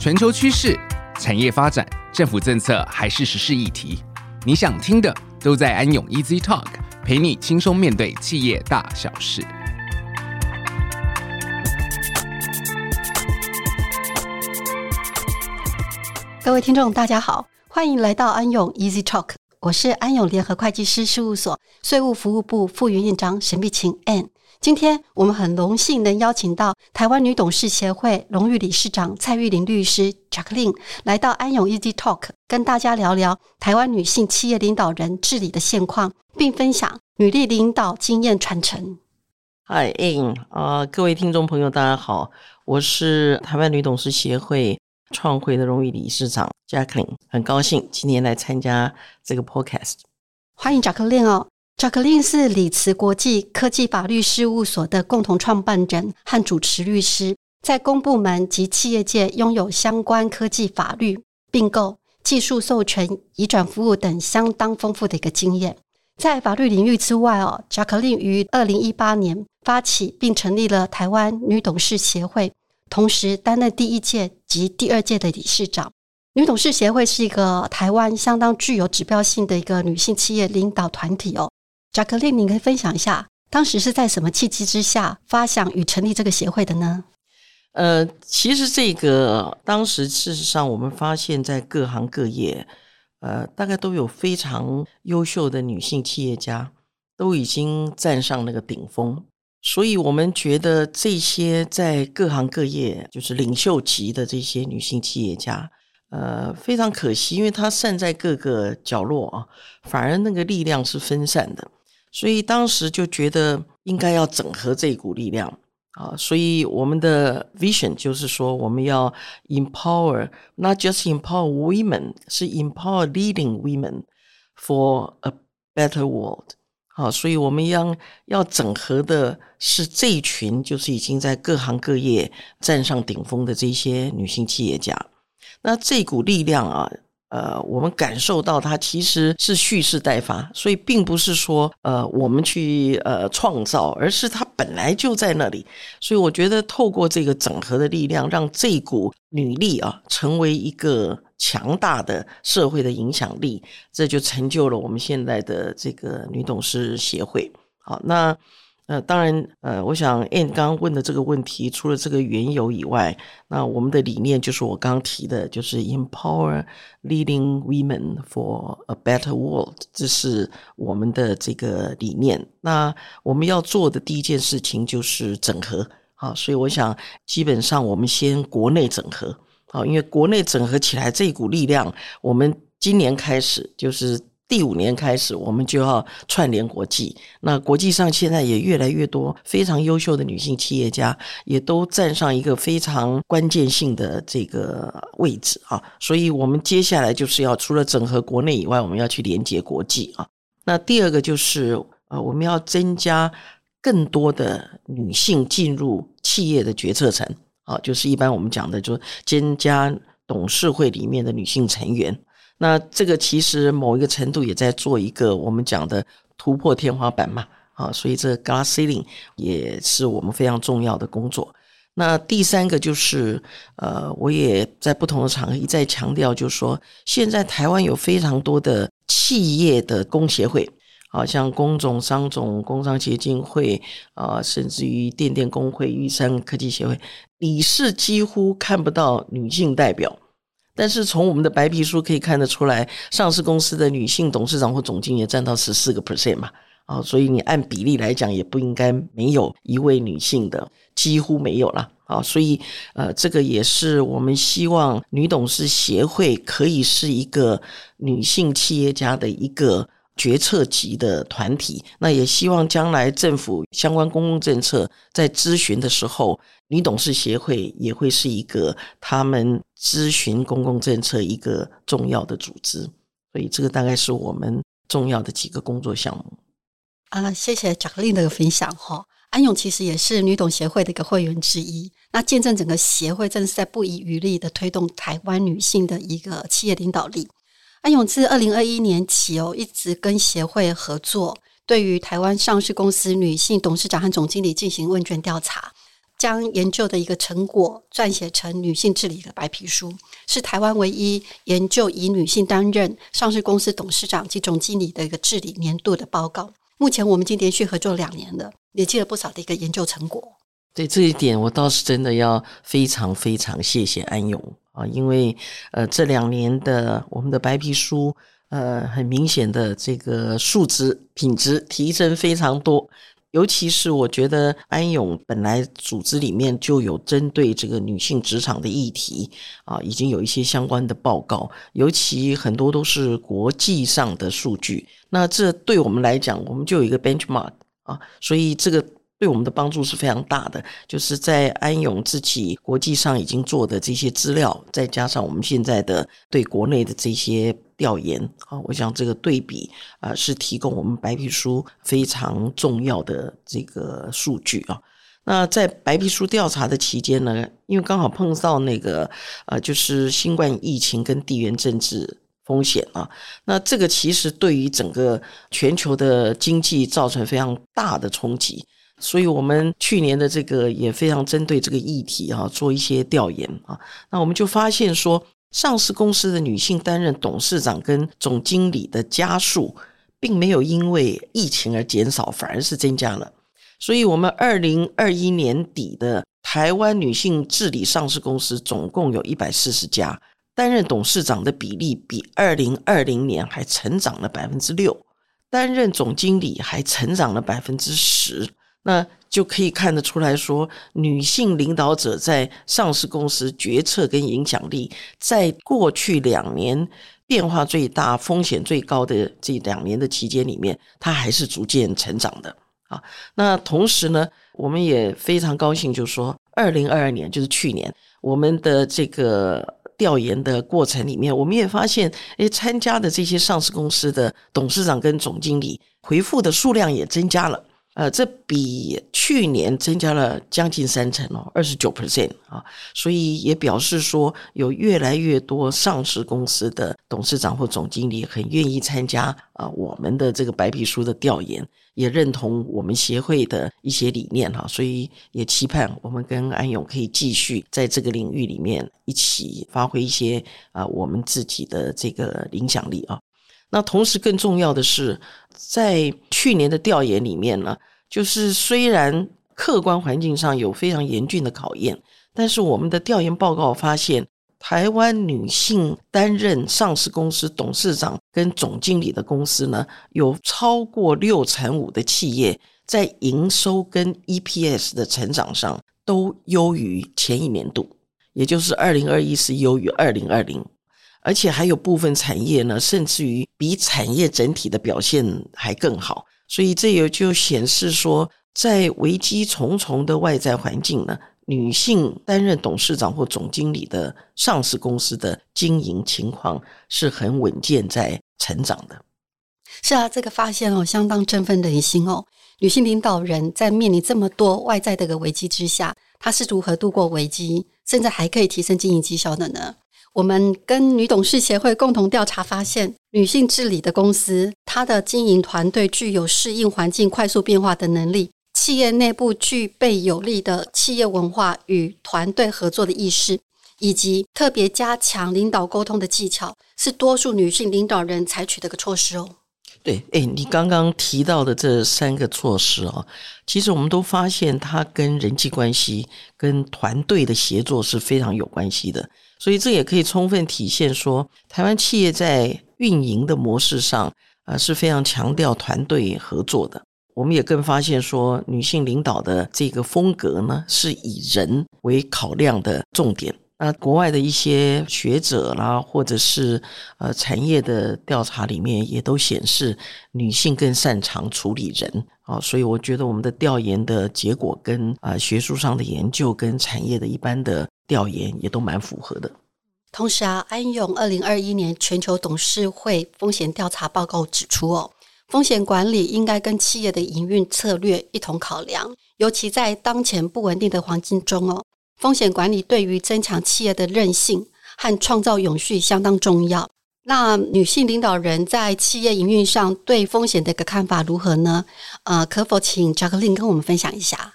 全球趨勢、產業發展、政府政策還是時事議題，你想聽的都在安永 Easy Talk，陪你輕鬆面對企業大小事。各位聽眾，大家好，歡迎來到安永 Easy Talk，我是安永聯合會計師事務所稅務服務部副營運長沈碧琴 Ann。今天我們很榮幸能邀請到台灣女董事協會榮譽理事長蔡玉玲律師 Jacqueline 來到安永 Easy Talk，跟大家聊聊台灣女性企業領導人治理的現況，並分享女力領導經驗傳承。Hi 啊，各位聽眾朋友，大家好，我是台灣女董事協會創會的榮譽理事長 Jacqueline，很高興今天來參加這個 Podcast。歡迎 Jacqueline 哦。Jacqueline 是李慈國際科技法律事務所的共同創辦人和主持律師，在公部門及企業界擁有相關科技法律、併購、技術授權、移轉服務等相當豐富的一個經驗。在法律領域之外哦，Jacqueline 於二零一八年發起並成立了台灣女董事協會，同時擔任第一屆及第二屆的理事長。女董事協會是一個台灣相當具有指標性的一個女性企業領導團體哦。Jacqueline, 你可以分享一下，當時是在什麼契機之下發想與成立這個協會的呢？呃，其實這個當時，事實上我們發現，在各行各業，呃，大概都有非常優秀的女性企業家，都已經站上那個頂峰。所以我們覺得，這些在各行各業就是領袖級的這些女性企業家，呃，非常可惜，因為她散在各個角落啊，反而那個力量是分散的。所以當時就覺得應該要整合這股力量啊，所以我們的 vision 就是說我們要 empower, not just empower women，是 empower leading women for a better world。好，所以我們要要整合的是這一群，就是已經在各行各業站上頂峰的這些女性企業家。那這股力量啊。呃，我們感受到它其實是蓄勢待發，所以並不是說呃我們去呃創造，而是它本來就在那裡。所以我覺得，透過這個整合的力量，讓這股女力啊成為一個強大的社會的影響力，這就成就了我們現在的這個女董事協會。好，那。呃，當然，呃，我想 Ann 剛問的這個問題，除了這個緣由以外，那我們的理念就是我剛提的，就是 empower leading women for a better world，這是我們的這個理念。那我們要做的第一件事情就是整合，好，所以我想，基本上我們先國內整合，好，因為國內整合起來這股力量，我們今年開始就是。第五年開始，我們就要串聯國際。那國際上現在也越來越多非常優秀的女性企業家，也都站上一個非常關鍵性的這個位置啊。所以，我們接下來就是要除了整合國內以外，我們要去連接國際啊。那第二個就是，呃，我們要增加更多的女性進入企業的決策層，啊，就是一般我們講的，就是增加董事會裡面的女性成員。那這個其實某一個程度也在做一個我們講的突破天花板嘛，啊，所以這個 glass ceiling 也是我們非常重要的工作。那第三個就是，呃，我也在不同的場合一再強調，就是說，現在台灣有非常多的企業的工協會，啊，像工總、商總、工商協進會，啊，甚至於電電工會、玉山科技協會，理事幾乎看不到女性代表。但是從我們的白皮書可以看得出來，上市公司的女性董事長或總經理也占到十四個 percent 嘛，啊、哦，所以你按比例來講，也不應該沒有一位女性的，幾乎沒有了啊、哦。所以，呃，這個也是我們希望女董事協會可以是一個女性企業家的一個。決策級的團體，那也希望將來政府相關公共政策在諮詢的時候，女董事協會也會是一個他們諮詢公共政策一個重要的組織。所以，這個大概是我們重要的幾個工作項目。啊，謝謝賈克力的分享哈。安永其實也是女董協會的一個會員之一，那見證整個協會真是在不遺餘力地推動台灣女性的一個企業領導力。安永自二零二一年起哦，一直跟協會合作，對於台灣上市公司女性董事長和總經理進行問卷調查，將研究的一個成果撰寫成女性治理的白皮書，是台灣唯一研究以女性擔任上市公司董事長及總經理的一個治理年度的報告。目前我們已經連續合作兩年了，累積了不少的一個研究成果。對，這一點，我倒是真的要非常非常謝謝安永啊，因為呃這兩年的我們的白皮書，呃很明顯的這個數值品質提升非常多，尤其是我覺得安永本來組織裡面就有針對這個女性職場的議題啊，已經有一些相關的報告，尤其很多都是國際上的數據，那這對我們來講，我們就有一個 benchmark 啊，所以這個。對我們的幫助是非常大的，就是在安永自己國際上已經做的這些資料，再加上我們現在的對國內的這些調研啊，我想這個對比啊，呃，是提供我們白皮書非常重要的這個數據啊，哦。那在白皮書調查的期間呢，因為剛好碰到那個啊，呃，就是新冠疫情跟地緣政治風險啊，哦，那這個其實對於整個全球的經濟造成非常大的衝擊。所以我們去年的這個也非常針對這個議題啊，做一些調研啊。那我們就發現說，上市公司的女性擔任董事長跟總經理的家數，並沒有因為疫情而減少，反而是增加了。所以，我們二零二一年底的台灣女性治理上市公司總共有一百四十家，擔任董事長的比例比二零二零年還成長了百分之六，擔任總經理還成長了百分之十。那就可以看得出來說，女性領導者在上市公司決策跟影響力，在過去兩年變化最大，風險最高的這兩年的期間裡面，她還是逐漸成長的啊。那同時呢，我們也非常高興，就是說，二零二二年，就是去年，我們的這個調研的過程裡面，我們也發現，誒，參加的這些上市公司的董事長跟總經理回復的數量也增加了。呃、啊，這比去年增加了將近三成哦，二十九 percent 啊，所以也表示說，有越來越多上市公司的董事長或總經理很願意參加啊，我們的這個白皮書的調研，也認同我們協會的一些理念哈、啊，所以也期盼我們跟安永可以繼續在這個領域裡面一起發揮一些啊，我們自己的這個影響力啊。那同時更重要的是，在去年的調研裡面呢。就是雖然客觀環境上有非常嚴峻的考驗，但是我們的調研報告發現，台灣女性擔任上市公司董事長跟總經理的公司呢，有超過六成五的企業在營收跟 EPS 的成長上都優於前一年度，也就是二零二一，是優於二零二零，而且還有部分產業呢，甚至於比產業整體的表現還更好。所以這也就顯示說，在危機重重的外在環境呢，女性擔任董事長或總經理的上市公司的經營情況是很穩健，在成長的。是啊，這個發現哦，相當振奮人心哦。女性領導人在面臨這麼多外在的一個危機之下，她是如何度過危機，甚至還可以提升經營績效的呢？我們跟女董事協會共同調查發現，女性治理的公司，它的經營團隊具有適應環境快速變化的能力，企業內部具備有力的企業文化與團隊合作的意識，以及特別加強領導溝通的技巧，是多數女性領導人採取的個措施哦。對，誒，你剛剛提到的這三個措施啊，其實我們都發現它跟人際關係、跟團隊的協作是非常有關係的。所以這也可以充分體現說，台灣企業在運營的模式上啊、呃、是非常強調團隊合作的。我們也更發現說，女性領導的這個風格呢，是以人為考量的重點。那、呃、國外的一些學者啦，或者是呃產業的調查裡面也都顯示，女性更擅長處理人啊、哦。所以我覺得我們的調研的結果跟啊、呃、學術上的研究跟產業的一般的。調研也都蠻符合的。同時啊，安永二零二一年全球董事會風險調查報告指出，哦，風險管理應該跟企業的營運策略一同考量，尤其在當前不穩定的環境中，哦，風險管理對於增強企業的韌性和創造永續相當重要。那女性領導人在企業營運上對風險的一個看法如何呢？呃，可否請 Jacqueline 跟我們分享一下？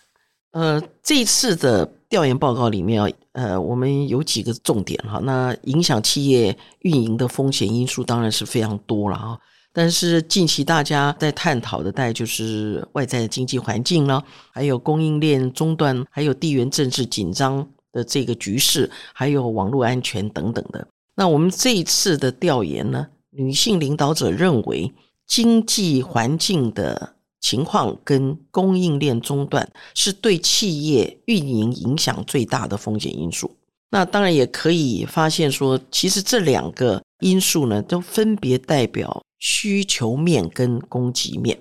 呃，這一次的調研報告裡面啊，呃，我們有幾個重點哈。那影響企業運營的風險因素當然是非常多了啊。但是近期大家在探討的，大概就是外在的經濟環境啦，還有供應鏈中斷，還有地緣政治緊張的這個局勢，還有網絡安全等等的。那我們這一次的調研呢，女性領導者認為經濟環境的情況跟供應鏈中斷是對企業運營影響最大的風險因素。那當然也可以發現說，其實這兩個因素呢，都分別代表需求面跟供給面。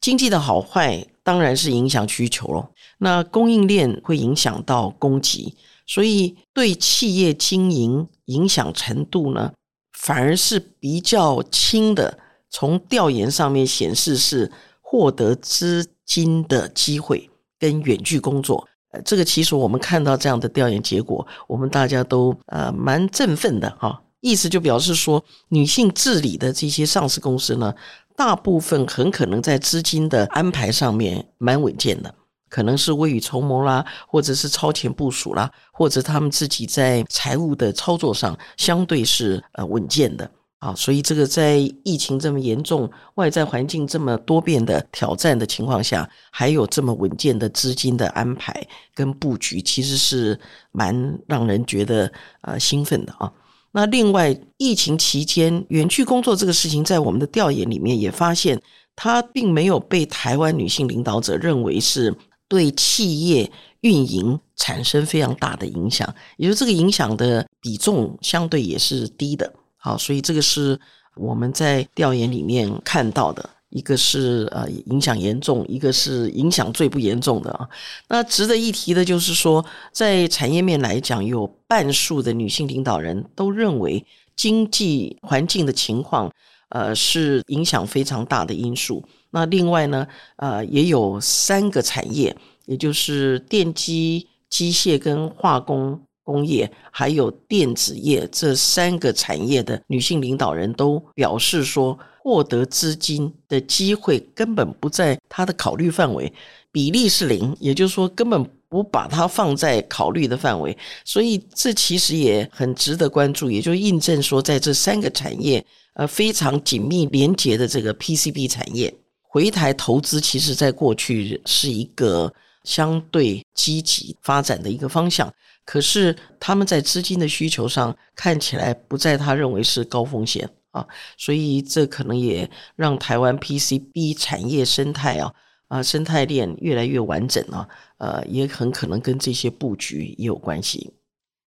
經濟的好壞當然是影響需求咯，那供應鏈會影響到供給，所以對企業經營影響程度呢，反而是比較輕的。從調研上面顯示是獲得資金的機會跟遠距工作，呃，這個其實我們看到這樣的調研結果，我們大家都呃蠻振奮的哈、哦。意思就表示說，女性治理的這些上市公司呢，大部分很可能在資金的安排上面蠻穩健的，可能是未雨綢繆啦，或者是超前部署啦，或者他們自己在財務的操作上相對是呃穩健的。啊，所以這個在疫情這麼嚴重、外在環境這麼多變的挑戰的情況下，還有這麼穩健的資金的安排跟布局，其實是蠻讓人覺得呃興奮的啊。那另外，疫情期間遠距工作這個事情，在我們的調研裡面也發現，它並沒有被台灣女性領導者認為是對企業運營產生非常大的影響，也就是這個影響的比重相對也是低的。好，所以這個是我們在調研裡面看到的，一個是呃影響嚴重，一個是影響最不嚴重的啊。那值得一提的就是說，在產業面來講，有半數的女性領導人都認為經濟環境的情況，呃是影響非常大的因素。那另外呢，呃也有三個產業，也就是電機、機械跟化工。工業還有電子業這三個產業的女性領導人都表示說，獲得資金的機會根本不在她的考慮範圍比例是零，也就是說，根本不把它放在考慮的範圍。所以，這其實也很值得關注，也就印證說，在這三個產業呃非常緊密連結的這個 PCB 產業回台投資，其實在過去是一個相對積極發展的一個方向。可是他們在資金的需求上看起來不在他認為是高風險啊，所以這可能也讓台灣 PCB 產業生態啊啊生態鏈越來越完整啊，呃也很可能跟這些布局也有關係。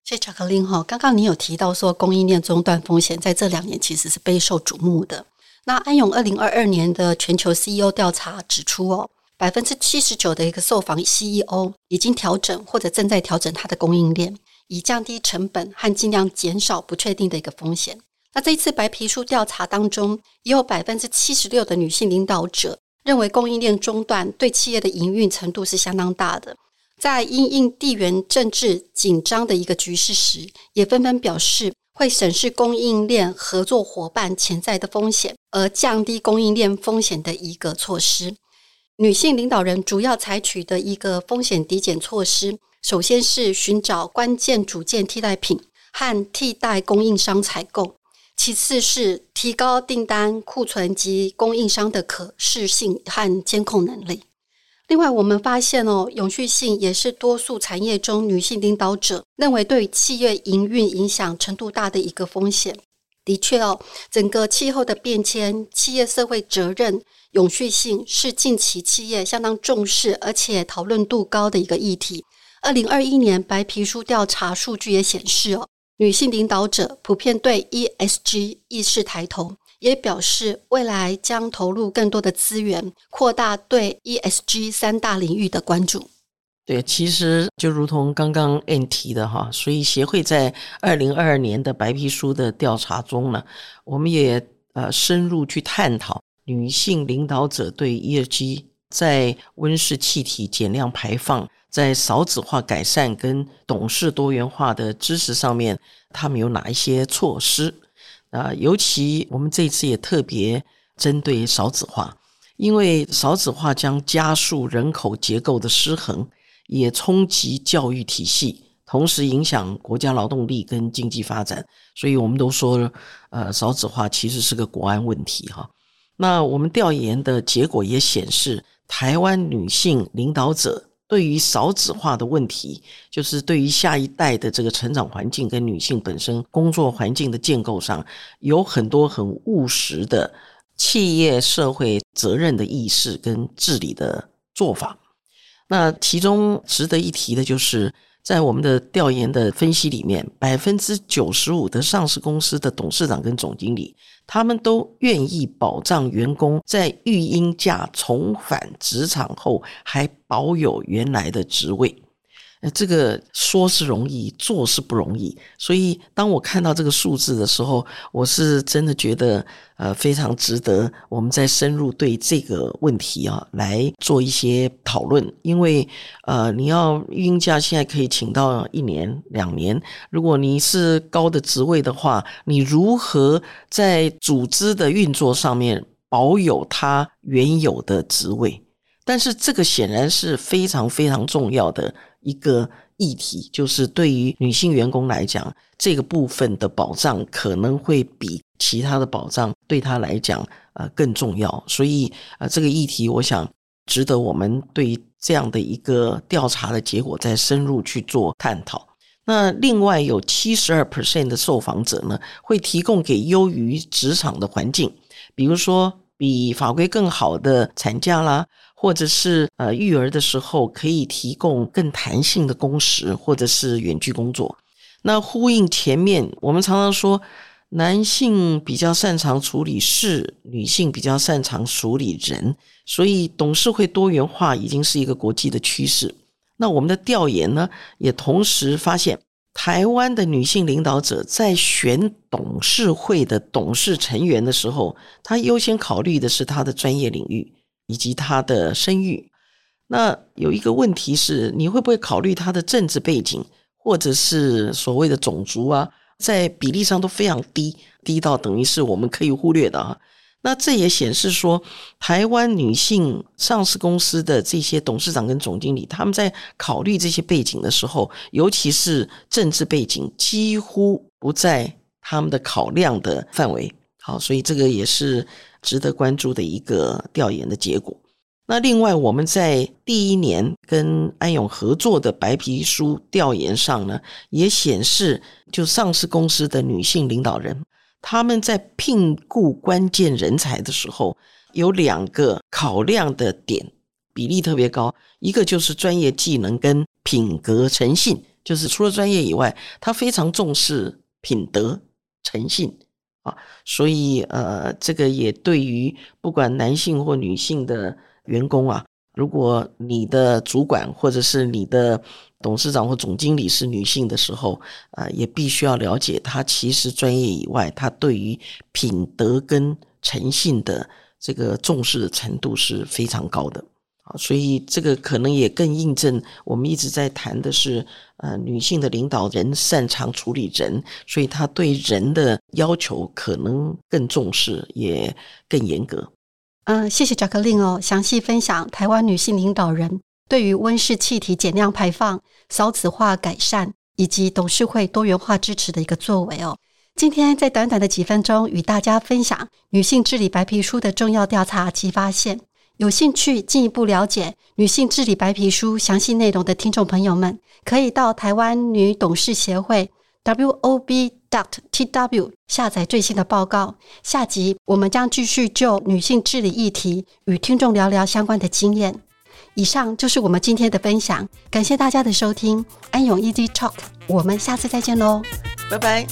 謝巧克林哈，剛剛你有提到說供應鏈中斷風險在這兩年其實是備受矚目的。那安永二零二二年的全球 CEO 調查指出哦。百分之七十九的一個受訪 CEO 已經調整或者正在調整他的供應鏈，以降低成本和盡量減少不確定的一個風險。那這一次白皮書調查當中，也有百分之七十六的女性領導者認為供應鏈中斷對企業的營運程度是相當大的。在因應地緣政治緊張的一個局勢時，也紛紛表示會審視供應鏈合作夥伴潛在的風險，而降低供應鏈風險的一個措施。女性領導人主要採取的一個風險抵減措施，首先是尋找關鍵組件替代品和替代供應商採購；其次是提高訂單、庫存及供應商的可視性和監控能力。另外，我們發現哦，永續性也是多數產業中女性領導者認為對企業營運影響程度大的一個風險。的確哦，整個氣候的變遷、企業社會責任、永續性是近期企業相當重視而且討論度高的一個議題。2021年白皮書調查數據也顯示哦，女性領導者普遍對 ESG 意識抬頭，也表示未來將投入更多的資源，擴大對 ESG 三大領域的關注。對，其實就如同剛剛 Andy 提的哈，所以協會在二零二二年的白皮書的調查中呢，我們也呃深入去探討女性領導者對業績在溫室氣體減量排放、在少子化改善跟董事多元化的支持上面，他們有哪一些措施？啊、呃，尤其我們這次也特別針對少子化，因為少子化將加速人口結構的失衡。也衝擊教育體系，同時影響國家勞動力跟經濟發展，所以我們都說了，呃，少子化其實是個國安問題哈。那我們調研的結果也顯示，台灣女性領導者對於少子化的問題，就是對於下一代的這個成長環境跟女性本身工作環境的建構上，有很多很務實的企業社會責任的意識跟治理的做法。那其中值得一提的就是，在我們的調研的分析裡面95，百分之九十五的上市公司的董事長跟總經理，他們都願意保障員工在育嬰假重返職場後，還保有原來的職位。那這個說是容易，做是不容易。所以，當我看到這個數字的時候，我是真的覺得，呃，非常值得我們再深入對這個問題啊來做一些討論。因為，呃，你要育嬰假現在可以請到一年、兩年，如果你是高的職位的話，你如何在組織的運作上面保有它原有的職位？但是，這個顯然是非常非常重要的。一個議題就是，對於女性員工來講，這個部分的保障，可能會比其他的保障對她來講呃更重要，所以啊、呃、這個議題我想值得我們對這樣的一個調查的結果再深入去做探討。那另外有七十二 percent 的受訪者呢會提供給優於職場的環境，比如說比法規更好的產假啦。或者是呃育兒的時候，可以提供更彈性的工時，或者是遠距工作。那呼應前面，我們常常說男性比較擅長處理事，女性比較擅長處理人，所以董事會多元化已經是一個國際的趨勢。那我們的調研呢，也同時發現，台灣的女性領導者在選董事會的董事成員的時候，她優先考慮的是她的專業領域。以及他的生育，那有一個問題是，你會不會考慮他的政治背景，或者是所謂的種族啊？在比例上都非常低，低到等於是我們可以忽略的啊。那這也顯示說，台灣女性上市公司的這些董事長跟總經理，他們在考慮這些背景的時候，尤其是政治背景，幾乎不在他們的考量的範圍。好，所以這個也是。值得關注的一個調研的結果。那另外，我們在第一年跟安永合作的白皮書調研上呢，也顯示，就上市公司的女性領導人，她們在聘雇關鍵人才的時候，有兩個考量的點，比例特別高，一個就是專業技能跟品格誠信，就是除了專業以外，他非常重視品德誠信。啊，所以呃，這個也對於不管男性或女性的員工啊，如果你的主管或者是你的董事長或總經理是女性的時候，啊、呃，也必須要了解她其實專業以外，她對於品德跟誠信的這個重視程度是非常高的。好，所以這個可能也更印證我們一直在談的是，呃，女性的領導人擅長處理人，所以她對人的要求可能更重視，也更嚴格。嗯，謝謝 Jaclyn 哦，詳細分享台灣女性領導人對於溫室氣體減量排放、少子化改善以及董事會多元化支持的一個作為哦。今天在短短的幾分鐘與大家分享《女性治理白皮書》的重要調查及發現。有興趣進一步了解女性治理白皮書詳細內容的聽眾朋友們，可以到台灣女董事協會 wob.tw 下載最新的報告。下集我們將繼續就女性治理議題與聽眾聊聊相關的經驗。以上就是我們今天的分享，感謝大家的收聽。安永 EasY Talk，我們下次再見嘍，拜拜。